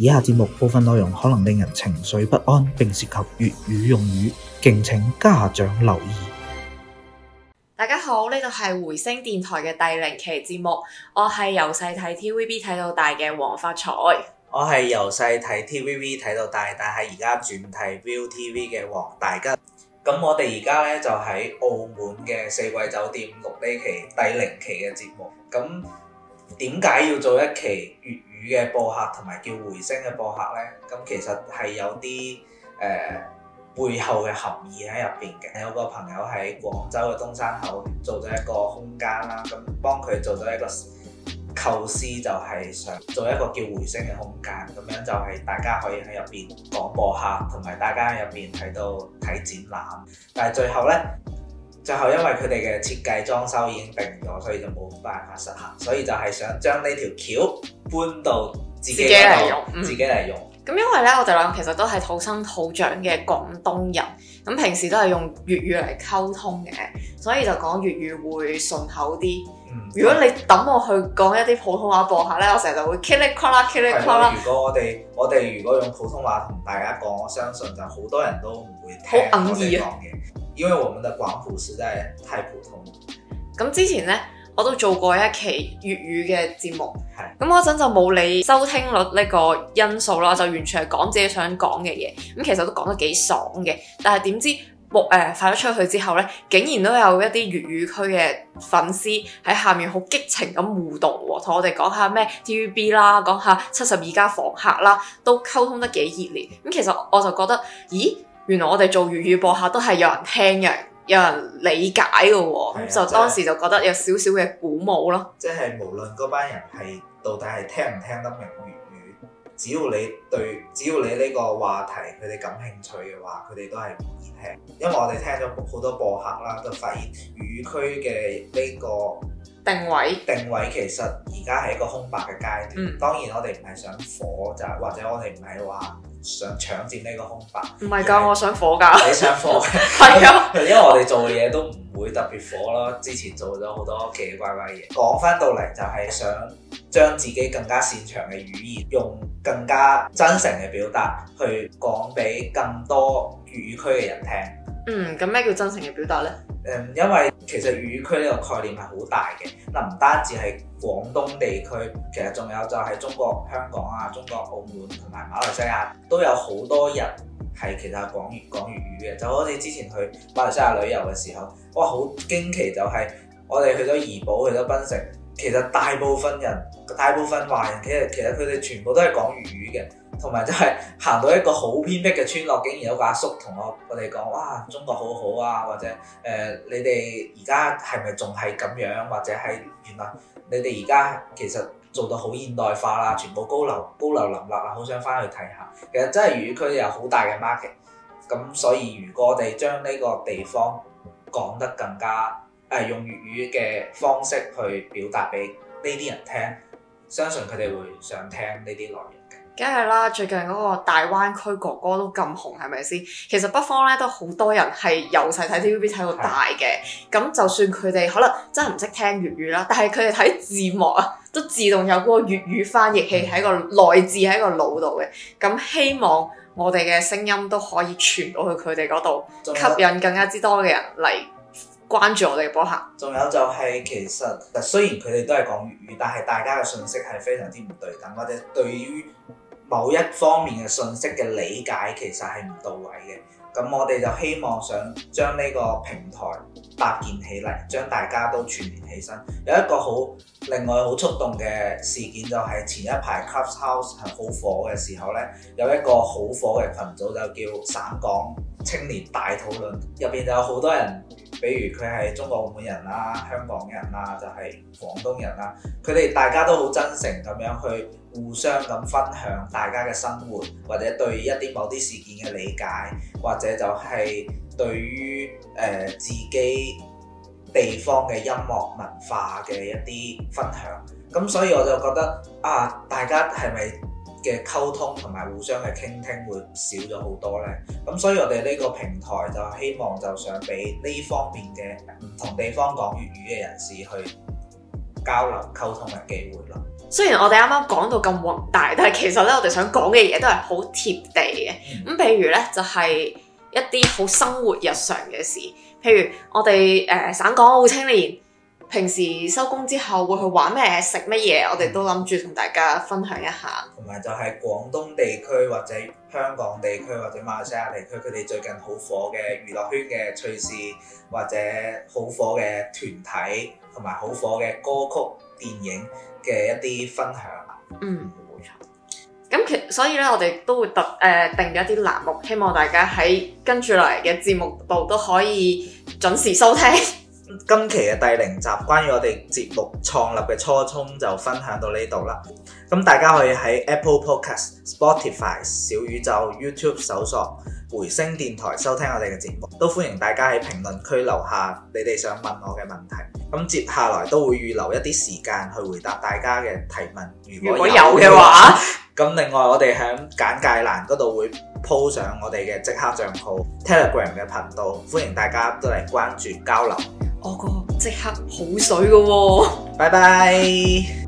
以下節目部分內容可能令人情緒不安，並涉及粵語用語，敬請家長留意。大家好，呢度係回星聲電臺嘅第零期節目，我係由細睇 TVB 睇到大嘅黃發財，我係由細睇 TVB 睇到大，但係而家轉睇 ViuTV 嘅黃大吉。咁我哋而家呢，就喺澳門嘅四季酒店錄呢期第零期嘅節目，咁。點解要做一期粵語嘅播客同埋叫回聲嘅播客呢？咁其實係有啲誒、呃、背後嘅含義喺入邊嘅。有個朋友喺廣州嘅東山口做咗一個空間啦，咁幫佢做咗一個構思，就係想做一個叫回聲嘅空間，咁樣就係大家可以喺入邊講播客，同埋大家喺入邊睇到睇展覽。但係最後呢。最後因為佢哋嘅設計裝修已經定咗，所以就冇辦法實行，所以就係想將呢條橋搬到自己嗰度，自己嚟用。咁因為咧，我哋兩個其實都係土生土長嘅廣東人，咁平時都係用粵語嚟溝通嘅，所以就講粵語會順口啲。嗯，如果你等我去講一啲普通話播下咧，我成日就會噼里啪啦、噼里啪啦。如果我哋我哋如果用普通話同大家講，我相信就好多人都唔會聽我哋講嘅。因為我們的廣府實在太普通。咁之前呢，我都做過一期粵語嘅節目，係咁嗰陣就冇理收聽率呢個因素啦，就完全係講自己想講嘅嘢。咁其實都講得幾爽嘅，但係點知木誒、呃、發咗出去之後呢，竟然都有一啲粵語區嘅粉絲喺下面好激情咁互動喎，同我哋講下咩 TVB 啦，講下七十二家房客啦，都溝通得幾熱烈。咁其實我就覺得，咦？原來我哋做粵語播客都係有人聽嘅，有人理解嘅喎、哦，的就當時就覺得有少少嘅鼓舞咯。即係無論嗰班人係到底係聽唔聽得明粵語，只要你對，只要你呢個話題佢哋感興趣嘅話，佢哋都係願意聽。因為我哋聽咗好多播客啦，就發現粵語區嘅呢個定位定位其實而家係一個空白嘅階段，嗯、當然我哋唔係想火就，或者我哋唔係話想搶佔呢個空白。唔係噶，因為我想火噶。你想火？係啊，因為我哋做嘢都唔會特別火咯。之前做咗好多奇奇怪怪嘢。講翻到嚟就係想將自己更加擅長嘅語言，用更加真誠嘅表達去講俾更多語區嘅人聽。嗯，咁咩叫真誠嘅表達咧？因為其實粵語區呢個概念係好大嘅，嗱唔單止係廣東地區，其實仲有就係中國香港啊、中國澳門同埋馬來西亞，都有好多人係其實係講粵講粵語嘅，就好似之前去馬來西亞旅遊嘅時候，哇！好驚奇就係我哋去咗怡保、去咗檳城，其實大部分人、大部分華人，其實其實佢哋全部都係講粵語嘅。同埋真係行到一個好偏僻嘅村落，竟然有個阿叔同我我哋講：哇，中國好好啊！或者誒、呃，你哋而家係咪仲係咁樣？或者係原來你哋而家其實做到好現代化啦，全部高樓高樓林立啦，好想翻去睇下。其實真係粵語區有好大嘅 market，咁所以如果我哋將呢個地方講得更加誒、呃、用粵語嘅方式去表達俾呢啲人聽，相信佢哋會想聽呢啲內容嘅。梗係啦，最近嗰個大灣區哥哥都咁紅，係咪先？其實北方咧都好多人係由細睇 TVB 睇到大嘅，咁的就算佢哋可能真係唔識聽粵語啦，但係佢哋睇字幕啊，都自動有嗰個粵語翻譯器喺個、嗯、內置喺個腦度嘅。咁希望我哋嘅聲音都可以傳到去佢哋嗰度，有吸引更加之多嘅人嚟關注我哋嘅播客。仲有就係其實雖然佢哋都係講粵語，但係大家嘅信息係非常之唔對等，但我哋對於某一方面嘅信息嘅理解其實，係唔到位嘅，咁我哋就希望想將呢個平台搭建起嚟，將大家都串聯起身。有一個好另外好觸動嘅事件就係前一排 Clubhouse 係好火嘅時候咧，有一個好火嘅群組，就叫省港青年大討論入邊，就有好多人，比如佢係中國澳門人啦、香港人啦、就係、是、廣東人啦，佢哋大家都好真誠咁樣去。互相咁分享大家嘅生活，或者對一啲某啲事件嘅理解，或者就係對於誒、呃、自己地方嘅音樂文化嘅一啲分享。咁所以我就覺得啊，大家係咪嘅溝通同埋互相嘅傾聽會少咗好多呢？咁所以我哋呢個平台就希望就想俾呢方面嘅唔同地方講粵語嘅人士去交流溝通嘅機會咯。雖然我哋啱啱講到咁宏大，但係其實咧，我哋想講嘅嘢都係好貼地嘅。咁譬如咧，就係、是、一啲好生活日常嘅事，譬如我哋誒、呃、省港澳青年平時收工之後會去玩咩食乜嘢，我哋都諗住同大家分享一下。同埋就係廣東地區或者香港地區或者馬來西亞地區，佢哋最近好火嘅娛樂圈嘅趣事，或者好火嘅團體，同埋好火嘅歌曲。電影嘅一啲分享啊，嗯，冇錯。咁其所以咧，我哋都會特誒、呃、定咗一啲欄目，希望大家喺跟住嚟嘅節目度都可以準時收聽。今期嘅第零集，關於我哋節目創立嘅初衷，就分享到呢度啦。咁大家可以喺 Apple Podcast、Spotify、小宇宙、YouTube 搜索。回聲電台收聽我哋嘅節目，都歡迎大家喺評論區留下你哋想問我嘅問題。咁接下來都會預留一啲時間去回答大家嘅提問。如果，如果有嘅話，咁話另外我哋喺簡介欄嗰度會鋪上我哋嘅即刻賬號 Telegram 嘅頻道，歡迎大家都嚟關注交流。我個即刻好水噶，哦，拜拜。